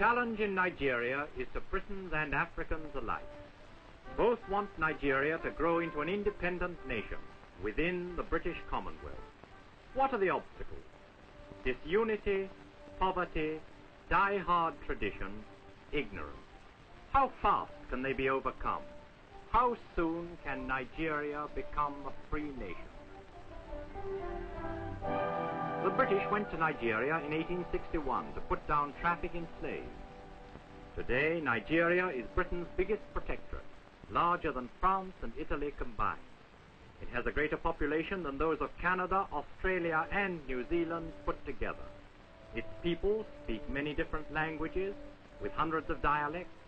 challenge in Nigeria is to Britons and Africans alike. Both want Nigeria to grow into an independent nation within the British Commonwealth. What are the obstacles? Disunity, poverty, die-hard tradition, ignorance. How fast can they be overcome? How soon can Nigeria become a free nation? British went to Nigeria in 1861 to put down traffic in slaves. Today, Nigeria is Britain's biggest protectorate, larger than France and Italy combined. It has a greater population than those of Canada, Australia, and New Zealand put together. Its people speak many different languages with hundreds of dialects,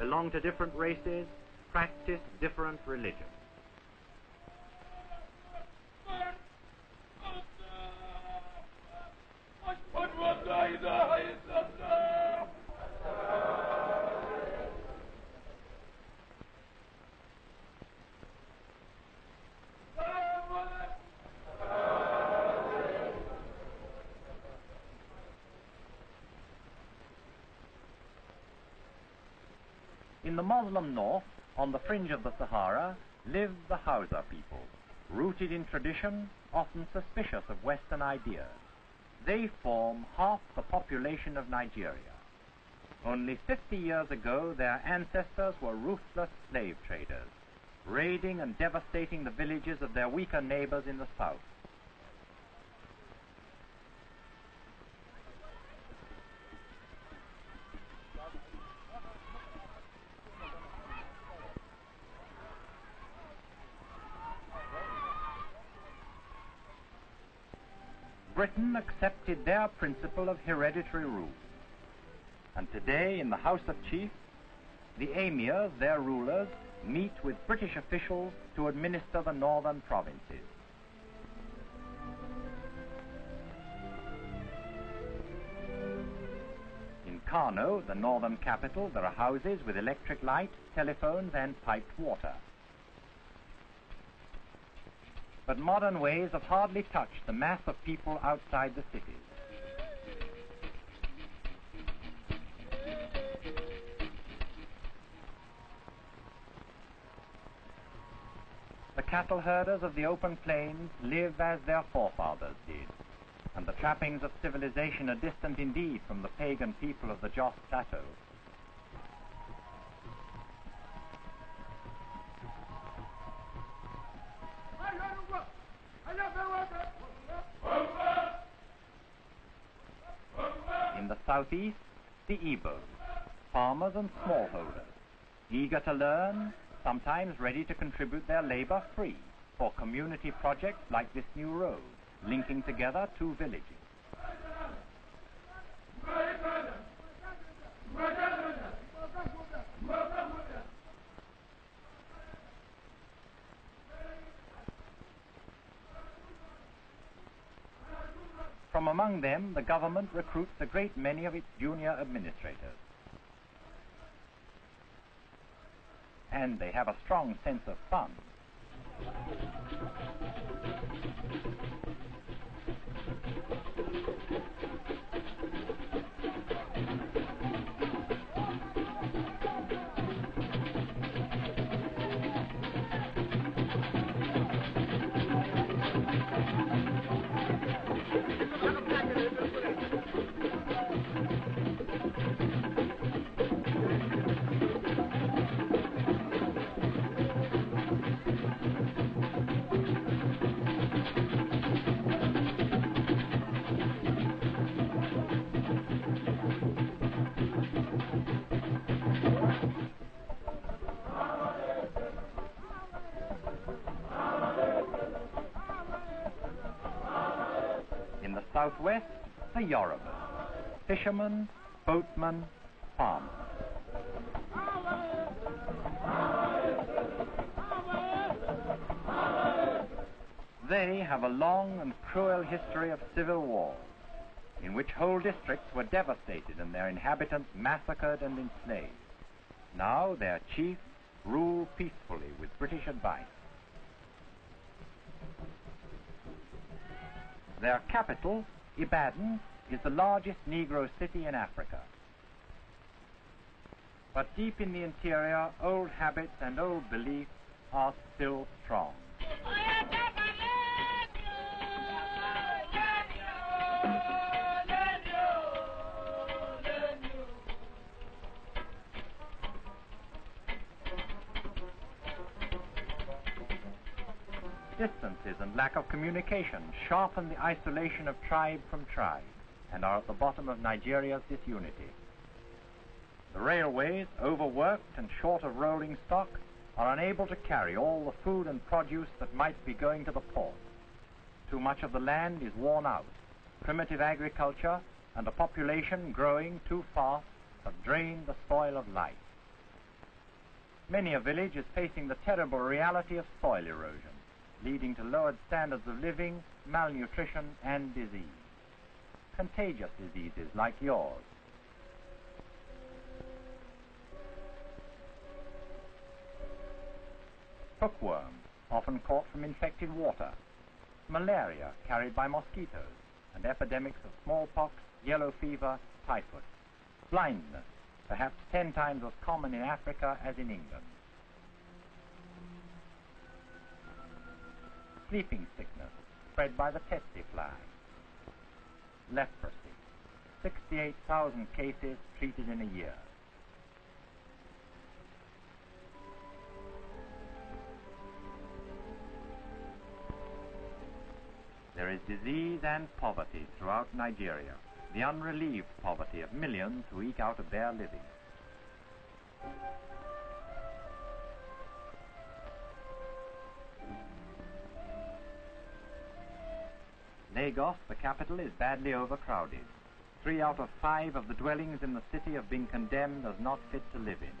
belong to different races, practice different religions. In the Muslim north, on the fringe of the Sahara, live the Hausa people, rooted in tradition, often suspicious of Western ideas. They form half the population of Nigeria. Only 50 years ago, their ancestors were ruthless slave traders, raiding and devastating the villages of their weaker neighbors in the south. Britain accepted their principle of hereditary rule. And today, in the House of Chiefs, the emirs, their rulers, meet with British officials to administer the northern provinces. In Kano, the northern capital, there are houses with electric light, telephones, and piped water but modern ways have hardly touched the mass of people outside the cities. The cattle herders of the open plains live as their forefathers did, and the trappings of civilization are distant indeed from the pagan people of the Joss Plateau. piece, the Ebo, farmers and smallholders, eager to learn, sometimes ready to contribute their labor free for community projects like this new road, linking together two villages. among them, the government recruits a great many of its junior administrators. And they have a strong sense of fun. southwest, the Yoruba. Fishermen, boatmen, farmers. They have a long and cruel history of civil war, in which whole districts were devastated and their inhabitants massacred and enslaved. Now their chiefs rule peacefully with British advice. Their capital, Ibadan, is the largest Negro city in Africa. But deep in the interior, old habits and old beliefs are still strong. differences and lack of communication sharpen the isolation of tribe from tribe and are at the bottom of Nigeria's disunity. The railways, overworked and short of rolling stock, are unable to carry all the food and produce that might be going to the port. Too much of the land is worn out. Primitive agriculture and a population growing too fast have drained the soil of life. Many a village is facing the terrible reality of soil erosion leading to lowered standards of living, malnutrition and disease. Contagious diseases like yours. Hookworm, often caught from infected water. Malaria, carried by mosquitoes. And epidemics of smallpox, yellow fever, typhus. Blindness, perhaps ten times as common in Africa as in England. sleeping sickness spread by the tsetse fly, leprosy, 68,000 cases treated in a year. There is disease and poverty throughout Nigeria, the unrelieved poverty of millions who eke out a bare living. Lagos, the capital, is badly overcrowded. Three out of five of the dwellings in the city have been condemned as not fit to live in.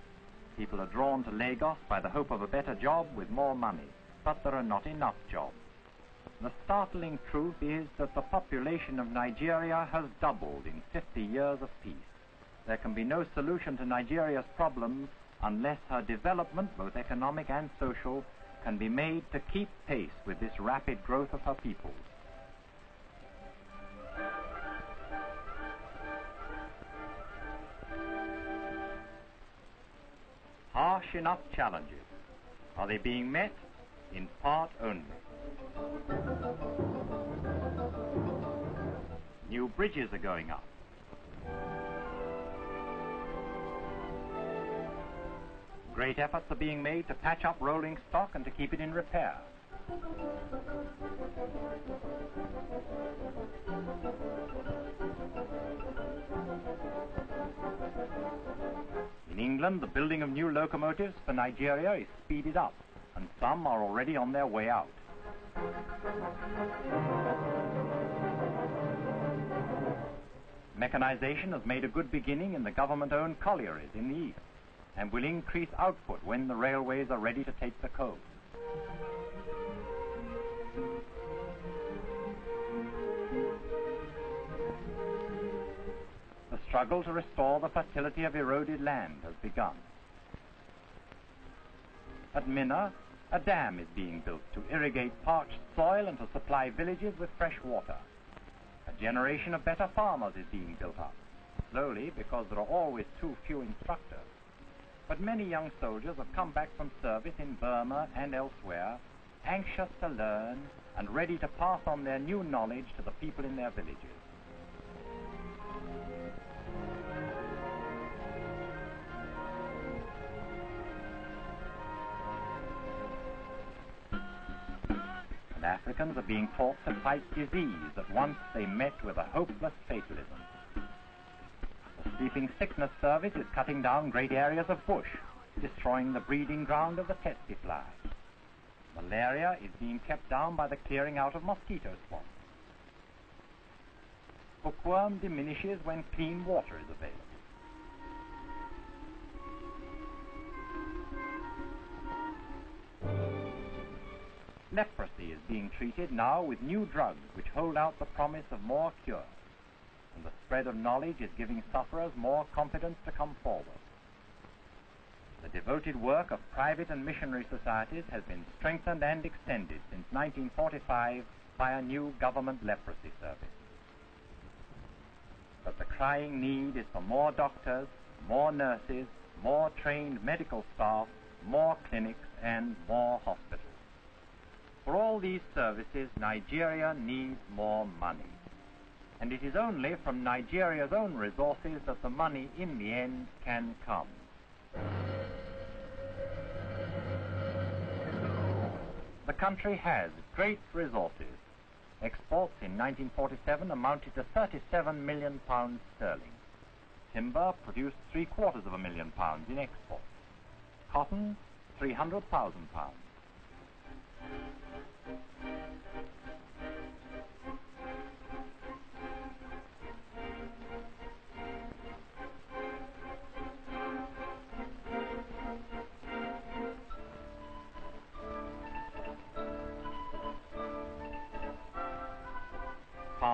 People are drawn to Lagos by the hope of a better job with more money, but there are not enough jobs. The startling truth is that the population of Nigeria has doubled in 50 years of peace. There can be no solution to Nigeria's problems unless her development, both economic and social, can be made to keep pace with this rapid growth of her peoples. harsh enough challenges? Are they being met? In part only. New bridges are going up. Great efforts are being made to patch up rolling stock and to keep it in repair. In England, the building of new locomotives for Nigeria is speeded up, and some are already on their way out. Mechanization has made a good beginning in the government-owned collieries in the east and will increase output when the railways are ready to take the coal. struggle to restore the fertility of eroded land has begun. At Minna, a dam is being built to irrigate parched soil and to supply villages with fresh water. A generation of better farmers is being built up, slowly because there are always too few instructors. But many young soldiers have come back from service in Burma and elsewhere, anxious to learn and ready to pass on their new knowledge to the people in their villages. and Africans are being forced to fight disease that once they met with a hopeless fatalism. The Sleeping Sickness Service is cutting down great areas of bush, destroying the breeding ground of the tsetse fly. Malaria is being kept down by the clearing out of mosquito swamps. Bookworm diminishes when clean water is available. Leprosy is being treated now with new drugs which hold out the promise of more cure. And the spread of knowledge is giving sufferers more confidence to come forward. The devoted work of private and missionary societies has been strengthened and extended since 1945 by a new government leprosy service. But the crying need is for more doctors, more nurses, more trained medical staff, more clinics, and more hospitals. For all these services, Nigeria needs more money. And it is only from Nigeria's own resources that the money in the end can come. The country has great resources. Exports in 1947 amounted to 37 million pounds sterling. Timber produced three quarters of a million pounds in exports. Cotton, 300,000 pounds.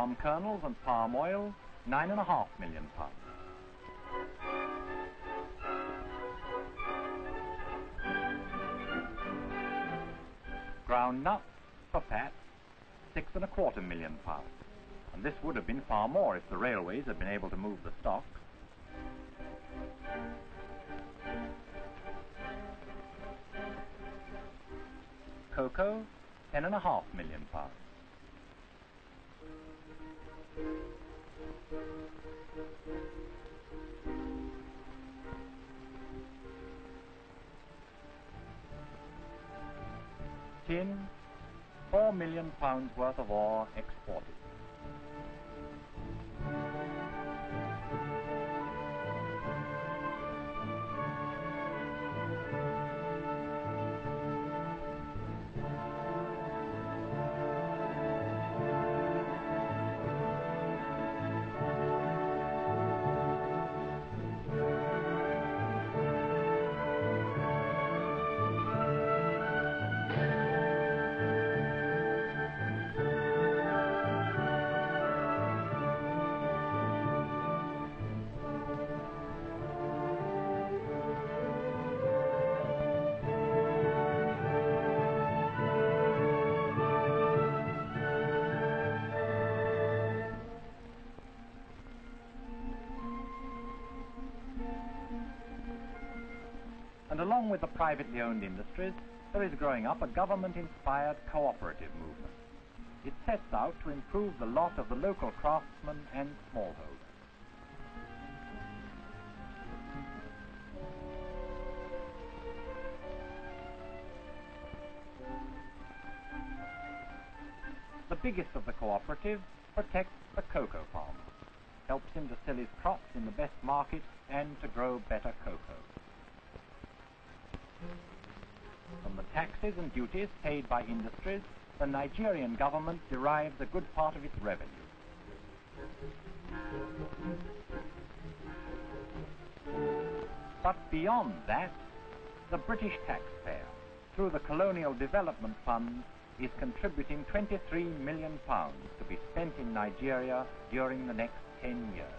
palm kernels and palm oil, nine and a half million pounds. Ground nuts for fat, six and a quarter million pounds. And this would have been far more if the railways had been able to move the stock. Cocoa, ten and a half million pounds. tin, 4 million pounds worth of ore exported. along with the privately owned industries, there is growing up a government-inspired cooperative movement. It sets out to improve the lot of the local craftsmen and smallholders. The biggest of the cooperatives protects the cocoa farmer, helps him to sell his crops in the best market and to grow better cocoa. From the taxes and duties paid by industries, the Nigerian government derives a good part of its revenue. But beyond that, the British taxpayer, through the Colonial Development Fund, is contributing 23 million pounds to be spent in Nigeria during the next 10 years.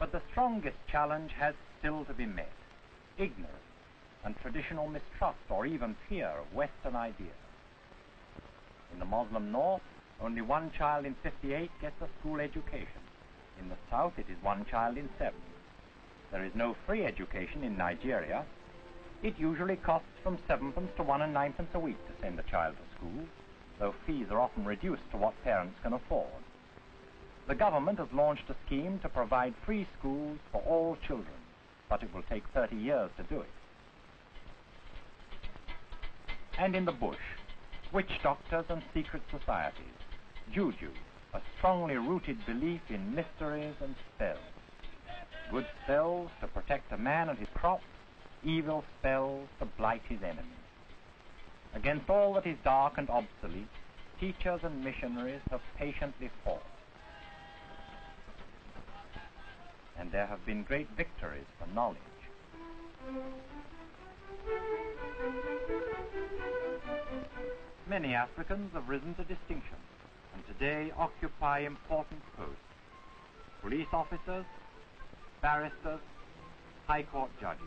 But the strongest challenge has still to be met. Ignorance and traditional mistrust or even fear of Western ideas. In the Muslim North, only one child in 58 gets a school education. In the South, it is one child in seven. There is no free education in Nigeria. It usually costs from sevenpence to one and ninepence a week to send a child to school, though fees are often reduced to what parents can afford. The government has launched a scheme to provide free schools for all children, but it will take 30 years to do it. And in the bush, witch doctors and secret societies, juju, a strongly rooted belief in mysteries and spells. Good spells to protect a man and his crops, evil spells to blight his enemies. Against all that is dark and obsolete, teachers and missionaries have patiently fought. and there have been great victories for knowledge. Many Africans have risen to distinction and today occupy important posts. Police officers, barristers, High Court judges.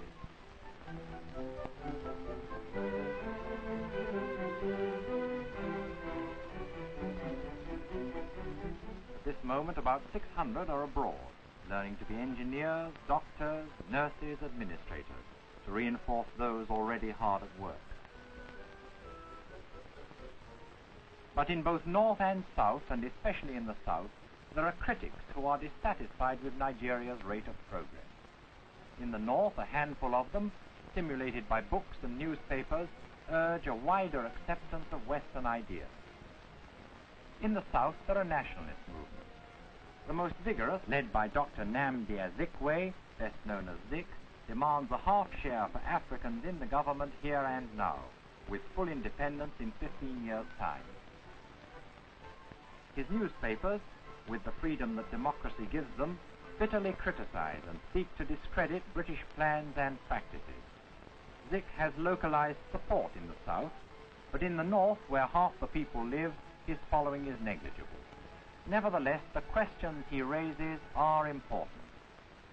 At this moment about 600 are abroad learning to be engineers, doctors, nurses, administrators, to reinforce those already hard at work. But in both North and South, and especially in the South, there are critics who are dissatisfied with Nigeria's rate of progress. In the North, a handful of them, stimulated by books and newspapers, urge a wider acceptance of Western ideas. In the South, there are nationalist movements the most vigorous, led by Dr. Namdir Zikwe, best known as Zik, demands a half share for Africans in the government here and now, with full independence in 15 years' time. His newspapers, with the freedom that democracy gives them, bitterly criticize and seek to discredit British plans and practices. Zik has localized support in the South, but in the North, where half the people live, his following is negligible. Nevertheless, the questions he raises are important.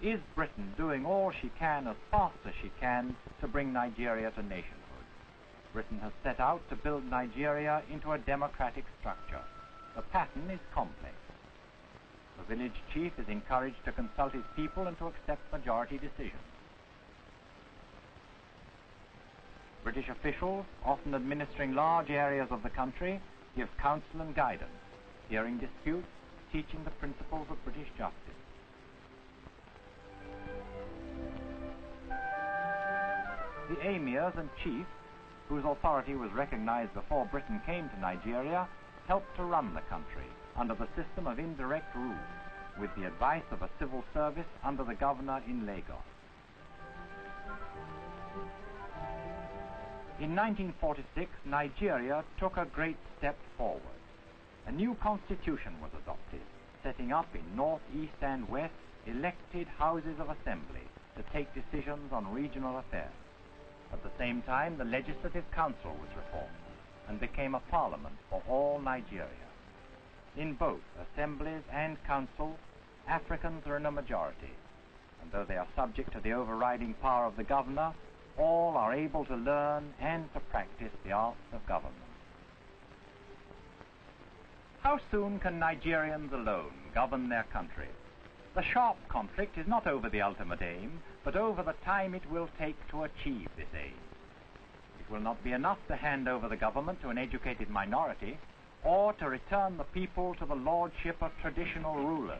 Is Britain doing all she can as fast as she can to bring Nigeria to nationhood? Britain has set out to build Nigeria into a democratic structure. The pattern is complex. The village chief is encouraged to consult his people and to accept majority decisions. British officials, often administering large areas of the country, give counsel and guidance hearing disputes, teaching the principles of British justice. The emirs and chiefs, whose authority was recognized before Britain came to Nigeria, helped to run the country under the system of indirect rule, with the advice of a civil service under the governor in Lagos. In 1946, Nigeria took a great step forward. A new constitution was adopted, setting up in north, east and west elected houses of assembly to take decisions on regional affairs. At the same time, the Legislative Council was reformed and became a parliament for all Nigeria. In both assemblies and councils, Africans are in a majority, and though they are subject to the overriding power of the governor, all are able to learn and to practice the arts of government. How soon can Nigerians alone govern their country? The sharp conflict is not over the ultimate aim, but over the time it will take to achieve this aim. It will not be enough to hand over the government to an educated minority, or to return the people to the lordship of traditional rulers.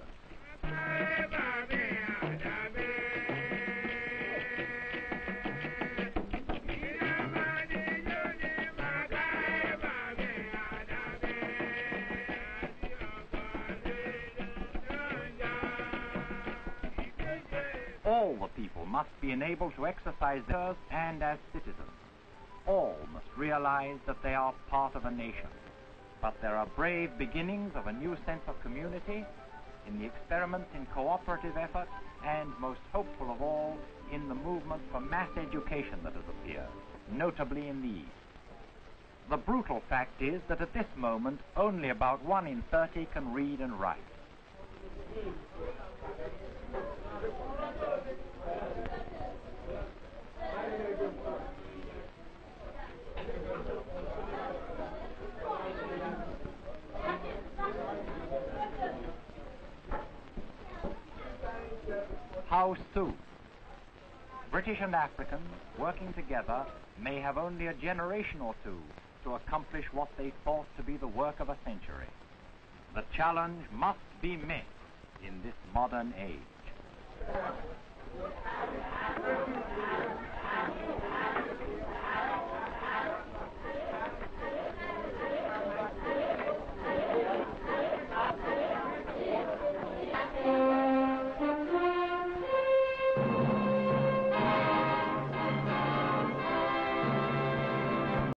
must be enabled to exercise theirs and as citizens. All must realize that they are part of a nation. But there are brave beginnings of a new sense of community in the experiments in cooperative effort and, most hopeful of all, in the movement for mass education that has appeared, notably in the East. The brutal fact is that at this moment only about one in 30 can read and write. How soon, British and Africans working together may have only a generation or two to accomplish what they thought to be the work of a century. The challenge must be met in this modern age.